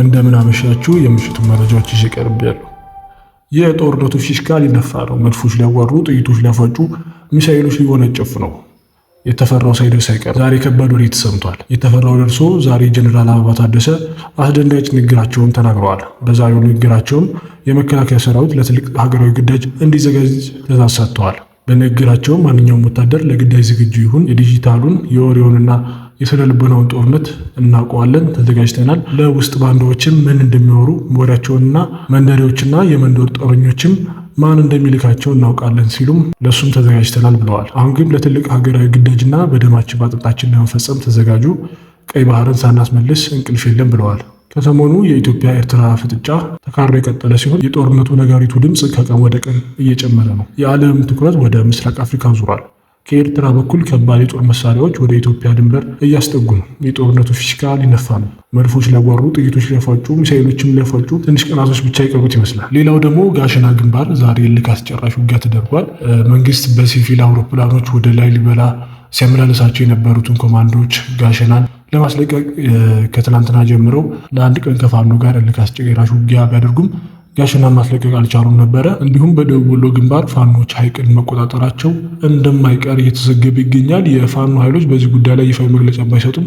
እንደምን አመሻችሁ። የምሽቱን መረጃዎች ይዤ ቀርቤያለሁ። የጦርነቱ ፊሽካ ሊነፋ ነው። መድፎች ሊያዋሩ፣ ጥይቶች ሊያፈጩ፣ ሚሳኤሎች ሊወነጨፉ ነው። የተፈራው ሳይደርስ አይቀር ዛሬ ከባድ ወሬ ተሰምቷል። የተፈራው ደርሶ ዛሬ ጀኔራል አበባ ታደሰ አስደንጋጭ ንግግራቸውን ተናግረዋል። በዛሬው ንግግራቸውም የመከላከያ ሰራዊት ለትልቅ ሀገራዊ ግዳጅ እንዲዘጋጅ ትዕዛዝ ሰጥተዋል። በንግግራቸውም ማንኛውም ወታደር ለግዳጅ ዝግጁ ይሁን፣ የዲጂታሉን የወሬውንና የስነ ልቦናውን ጦርነት እናውቀዋለን፣ ተዘጋጅተናል። ለውስጥ ባንዳዎችም ምን እንደሚወሩ ወዳቸውንና መንደሪዎችና የመንደር ጦረኞችም ማን እንደሚልካቸው እናውቃለን ሲሉም ለእሱም ተዘጋጅተናል ብለዋል። አሁን ግን ለትልቅ ሀገራዊ ግዳጅና በደማችን በአጥንታችን ለመፈጸም ተዘጋጁ፣ ቀይ ባህርን ሳናስመልስ እንቅልፍ የለም ብለዋል። ከሰሞኑ የኢትዮጵያ ኤርትራ ፍጥጫ ተካሮ የቀጠለ ሲሆን የጦርነቱ ነጋሪቱ ድምፅ ከቀን ወደ ቀን እየጨመረ ነው። የዓለም ትኩረት ወደ ምስራቅ አፍሪካ ዙሯል። ከኤርትራ በኩል ከባድ የጦር መሳሪያዎች ወደ ኢትዮጵያ ድንበር እያስጠጉ ነው። የጦርነቱ ፊሽካ ሊነፋ ነው። መድፎች ሊያጓሩ፣ ጥይቶች ሊያፏጩ፣ ሚሳይሎችም ሊያፏጩ ትንሽ ቀናቶች ብቻ ይቀሩት ይመስላል። ሌላው ደግሞ ጋሸና ግንባር ዛሬ ልክ አስጨራሽ ውጊያ ተደርጓል። መንግስት በሲቪል አውሮፕላኖች ወደ ላይ ሊበላ ሲያመላለሳቸው የነበሩትን ኮማንዶዎች ጋሸናን ለማስለቀቅ ከትናንትና ጀምረው ለአንድ ቀን ከፋኖ ጋር ልክ አስጨራሽ ውጊያ ቢያደርጉም ያሸና ማስለቀቅ አልቻሉም ነበረ። እንዲሁም በደቡብ ወሎ ግንባር ፋኖች ሀይቅን መቆጣጠራቸው እንደማይቀር እየተዘገበ ይገኛል። የፋኖ ኃይሎች በዚህ ጉዳይ ላይ ይፋዊ መግለጫ ባይሰጡም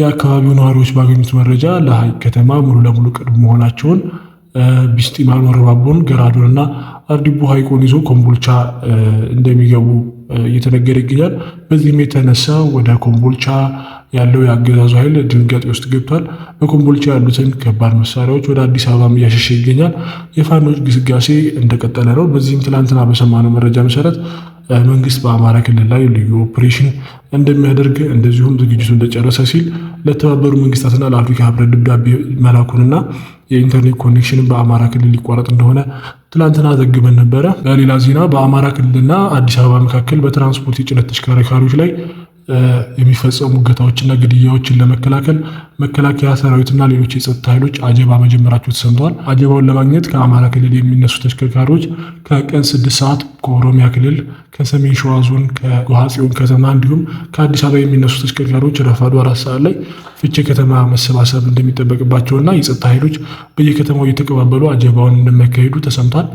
የአካባቢው ነዋሪዎች ባገኙት መረጃ ለሀይቅ ከተማ ሙሉ ለሙሉ ቅርብ መሆናቸውን ቢስጢማል፣ ወረባቦን፣ ገራዶን እና አርዲቦ ሀይቆን ይዞ ኮምቦልቻ እንደሚገቡ እየተነገረ ይገኛል። በዚህም የተነሳ ወደ ኮምቦልቻ ያለው የአገዛዙ ኃይል ድንጋጤ ውስጥ ገብቷል። በኮምቦልቻ ያሉትን ከባድ መሳሪያዎች ወደ አዲስ አበባም እያሸሸ ይገኛል። የፋኖች ግስጋሴ እንደቀጠለ ነው። በዚህም ትላንትና በሰማነው መረጃ መሰረት መንግስት በአማራ ክልል ላይ ልዩ ኦፕሬሽን እንደሚያደርግ እንደዚሁም ዝግጅቱ እንደጨረሰ ሲል ለተባበሩ መንግስታትና ለአፍሪካ ህብረት ደብዳቤ መላኩንና የኢንተርኔት ኮኔክሽን በአማራ ክልል ሊቋረጥ እንደሆነ ትላንትና ዘግበን ነበረ። በሌላ ዜና በአማራ ክልልና አዲስ አበባ መካከል በትራንስፖርት የጭነት ተሽከርካሪዎች ላይ የሚፈጸሙ እገታዎችና ግድያዎችን ለመከላከል መከላከያ ሰራዊትና ሌሎች የጸጥታ ኃይሎች አጀባ መጀመራቸው ተሰምተዋል። አጀባውን ለማግኘት ከአማራ ክልል የሚነሱ ተሽከርካሪዎች ከቀን ስድስት ሰዓት ከኦሮሚያ ክልል፣ ከሰሜን ሸዋ ዞን፣ ከጎሐጽዮን ከተማ እንዲሁም ከአዲስ አበባ የሚነሱ ተሽከርካሪዎች ረፋዱ አራት ሰዓት ላይ ፍቼ ከተማ መሰባሰብ እንደሚጠበቅባቸውና የጸጥታ ኃይሎች በየከተማው እየተቀባበሉ አጀባውን እንደሚያካሄዱ ተሰምቷል።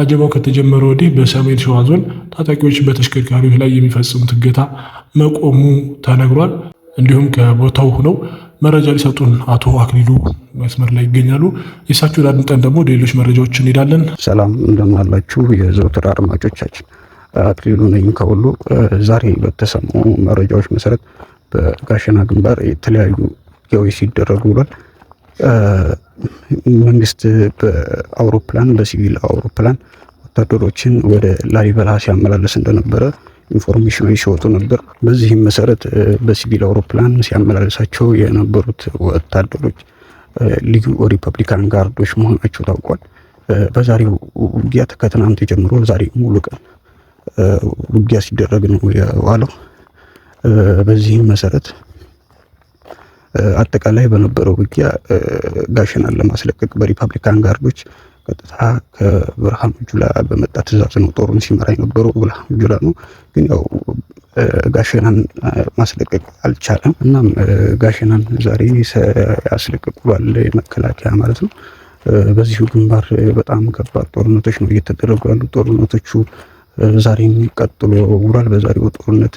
አጀባው ከተጀመረ ወዲህ በሰሜን ሸዋ ዞን ታጣቂዎች በተሽከርካሪዎች ላይ የሚፈጽሙት እገታ መቆሙ ተነግሯል። እንዲሁም ከቦታው ሆነው መረጃ ሊሰጡን አቶ አክሊሉ መስመር ላይ ይገኛሉ። የእሳቸውን አድምጠን ደግሞ ሌሎች መረጃዎች እንሄዳለን። ሰላም እንደምናላችሁ የዘውትር አድማጮቻችን፣ አክሊሉ ነኝ ከሁሉ። ዛሬ በተሰሙ መረጃዎች መሰረት በጋሸና ግንባር የተለያዩ ውጊያዎች ሲደረጉ ብሏል። መንግስት በአውሮፕላን በሲቪል አውሮፕላን ወታደሮችን ወደ ላሊበላ ሲያመላለስ እንደነበረ ኢንፎርሜሽኖች ሲወጡ ነበር። በዚህም መሰረት በሲቪል አውሮፕላን ሲያመላለሳቸው የነበሩት ወታደሮች ልዩ ሪፐብሊካን ጋርዶች መሆናቸው ታውቋል። በዛሬው ውጊያ ከትናንት ጀምሮ ዛሬ ሙሉ ቀን ውጊያ ሲደረግ ነው የዋለው። በዚህም መሰረት አጠቃላይ በነበረው ውጊያ ጋሸናን ለማስለቀቅ በሪፐብሊካን ጋርዶች ቀጥታ ከብርሃኑ ጁላ በመጣ ትእዛዝ ነው ጦሩን ሲመራ የነበረው ብርሃኑ ጁላ ነው። ግን ያው ጋሸናን ማስለቀቅ አልቻለም። እናም ጋሸናን ዛሬ ባለ መከላከያ ማለት ነው። በዚሁ ግንባር በጣም ከባድ ጦርነቶች ነው እየተደረጉ ያሉ። ጦርነቶቹ ዛሬም ቀጥሎ ውሏል። በዛሬው ጦርነት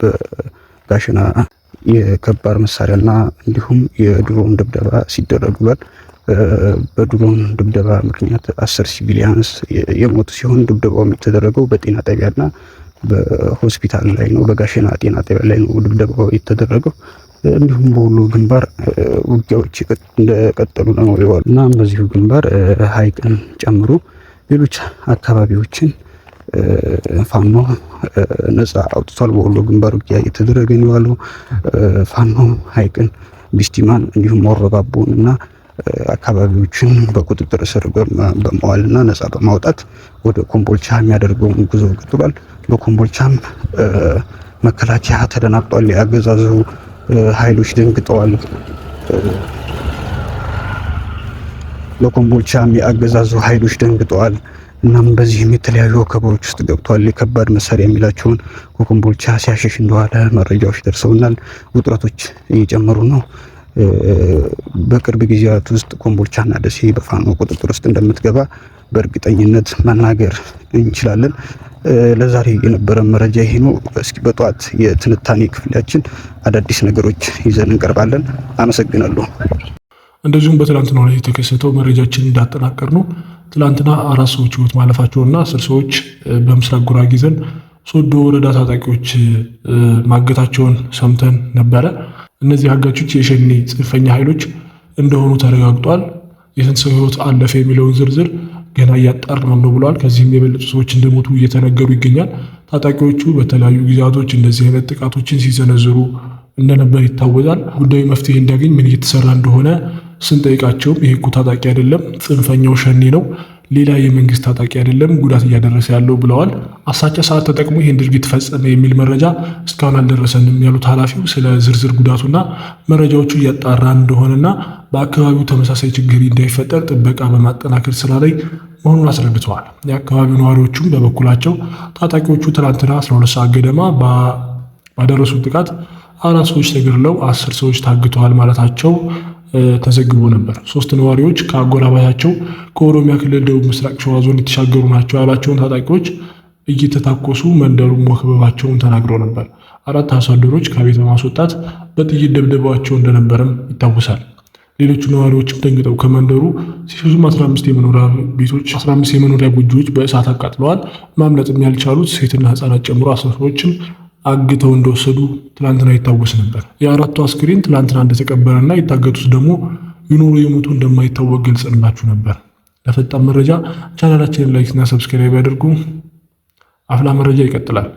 በጋሸና የከባድ መሳሪያና እንዲሁም የድሮን ድብደባ ሲደረግ በድሮን ድብደባ ምክንያት አስር ሲቪሊያንስ የሞቱ ሲሆን ድብደባው የተደረገው በጤና ጣቢያና በሆስፒታል ላይ ነው። በጋሸና ጤና ጣቢያ ላይ ነው ድብደባው የተደረገው። እንዲሁም በወሎ ግንባር ውጊያዎች እንደቀጠሉ ነው። እና በዚሁ ግንባር ሀይቅን ጨምሮ ሌሎች አካባቢዎችን ፋኖ ነጻ አውጥቷል። በሁሉ ግንባር ውጊያ እየተደረገ ነው ያለው። ፋኖ ሀይቅን ቢስቲማን፣ እንዲሁም ወረባቦን እና አካባቢዎችን በቁጥጥር ስር በመዋልና ነጻ በማውጣት ወደ ኮምቦልቻ የሚያደርገውን ጉዞ ቀጥሏል። በኮምቦልቻም መከላከያ ተደናግጧል። የአገዛዙ ኃይሎች ደንግጠዋል። በኮምቦልቻም የአገዛዙ ኃይሎች ደንግጠዋል። እናም በዚህም የተለያዩ ወከባዎች ውስጥ ገብቷል። የከባድ መሳሪያ የሚላቸውን ከኮምቦልቻ ሲያሸሽ እንደዋለ መረጃዎች ደርሰውናል። ውጥረቶች እየጨመሩ ነው። በቅርብ ጊዜያት ውስጥ ኮምቦልቻና ደሴ በፋኖ ቁጥጥር ውስጥ እንደምትገባ በእርግጠኝነት መናገር እንችላለን። ለዛሬ የነበረ መረጃ ይሄ ነው። እስኪ በጠዋት የትንታኔ ክፍላችን አዳዲስ ነገሮች ይዘን እንቀርባለን። አመሰግናለሁ። እንደዚሁም በትናንትናው ላይ የተከሰተው መረጃችን እንዳጠናቀር ነው ትላንትና አራት ሰዎች ህይወት ማለፋቸውና አስር ሰዎች በምስራቅ ጉራጌ ዞን ሶዶ ወረዳ ታጣቂዎች ማገታቸውን ሰምተን ነበረ። እነዚህ አጋቾች የሸኔ ጽንፈኛ ኃይሎች እንደሆኑ ተረጋግጧል። የስንት ሰው ህይወት አለፈ የሚለውን ዝርዝር ገና እያጣራን ነው ብለዋል። ከዚህም የበለጡ ሰዎች እንደሞቱ እየተነገሩ ይገኛል። ታጣቂዎቹ በተለያዩ ጊዜያቶች እንደዚህ አይነት ጥቃቶችን ሲሰነዝሩ እንደነበር ይታወቃል። ጉዳዩ መፍትሄ እንዲያገኝ ምን እየተሰራ እንደሆነ ስንጠይቃቸውም ይህ እኮ ታጣቂ አይደለም፣ ጽንፈኛው ሸኔ ነው፣ ሌላ የመንግስት ታጣቂ አይደለም ጉዳት እያደረሰ ያለው ብለዋል። አሳቻ ሰዓት ተጠቅሞ ይህን ድርጊት ፈጸመ የሚል መረጃ እስካሁን አልደረሰንም ያሉት ኃላፊው ስለ ዝርዝር ጉዳቱና መረጃዎቹ እያጣራ እንደሆነና በአካባቢው ተመሳሳይ ችግር እንዳይፈጠር ጥበቃ በማጠናከር ስራ ላይ መሆኑን አስረድተዋል። የአካባቢው ነዋሪዎቹም በበኩላቸው ታጣቂዎቹ ትናንትና 12 ሰዓት ገደማ ባደረሱት ጥቃት አራት ሰዎች ተገድለው አስር ሰዎች ታግተዋል ማለታቸው ተዘግቦ ነበር። ሶስት ነዋሪዎች ከአጎራባቻቸው ከኦሮሚያ ክልል ደቡብ ምስራቅ ሸዋ ዞን የተሻገሩ ናቸው ያሏቸውን ታጣቂዎች እየተታኮሱ መንደሩ መክበባቸውን ተናግሮ ነበር። አራት አርሶ አደሮች ከቤት በማስወጣት በጥይት ደብድበዋቸው እንደነበረም ይታወሳል። ሌሎቹ ነዋሪዎችም ደንግጠው ከመንደሩ ሲሱም 15 የመኖሪያ ቤቶች 15 የመኖሪያ ጎጆዎች በእሳት አቃጥለዋል። ማምለጥም ያልቻሉት ሴትና ህፃናት ጨምሮ አስራ ሰዎችም አግተው እንደወሰዱ ትላንትና ይታወስ ነበር። የአራቱ አስክሬን ትላንትና እንደተቀበረና የታገቱት ደግሞ ይኖሩ የሞቱ እንደማይታወቅ ገልጸንላችሁ ነበር። ለፈጣን መረጃ ቻናላችንን ላይክና ሰብስክራይብ ያደርጉ አፍላ መረጃ ይቀጥላል።